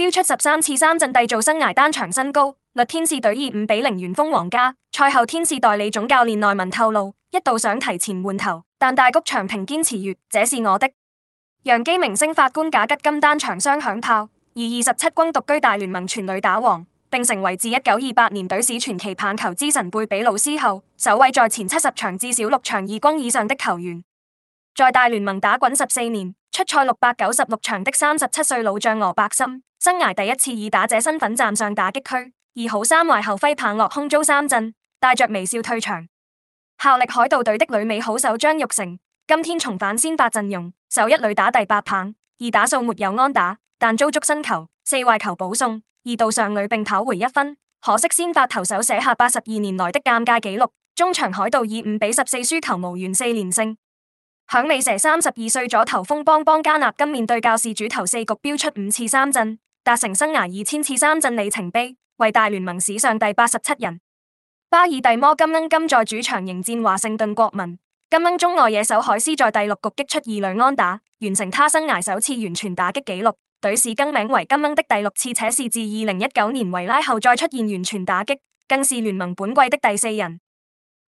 飆出十三次三振締造生涯單場新高，率天使隊以五比零完封皇家。賽後天使代理總教練內文透露，一度想提前換投，但大谷翔平堅持說：這是我的。洋基明星法官賈吉金單場雙響炮，而二十七軍獨居大聯盟全壘打王，並成為自一九二八年隊史傳奇棒球之神貝比魯斯後，首位在前七十場至少六場二軍以上的球員。在大聯盟打滾十四年，出賽六百九十六場的三十七歲老將羅伯森，生涯第一次以打者身份站上打擊區，二好三壞後揮棒落空陣，遭三振，帶着微笑退場。效力海盜隊的旅美好手張育成，今天重返先發陣容，守一壘打第八棒，二打數沒有安打，但遭觸身球，四壞球保送，二度上壘並跑回一分，可惜先發投手寫下八十二年來的尷尬紀錄，終場海盜以五比十四輸球，無緣四連勝。響尾蛇三十二歲左投鋒邦邦加納今面對教士主投四局飆出五次三振，達成生涯二千次三振里程碑，為大聯盟史上第八十七人。巴爾蒂摩金鶯今在主場迎戰華盛頓國民，金鶯中外野手海斯在第六局擊出二壘安打，完成他生涯首次完全打擊紀錄。隊史更名為金鶯的第六次且是自二零一九年維拉後再出現完全打擊，更是聯盟本季的第四人。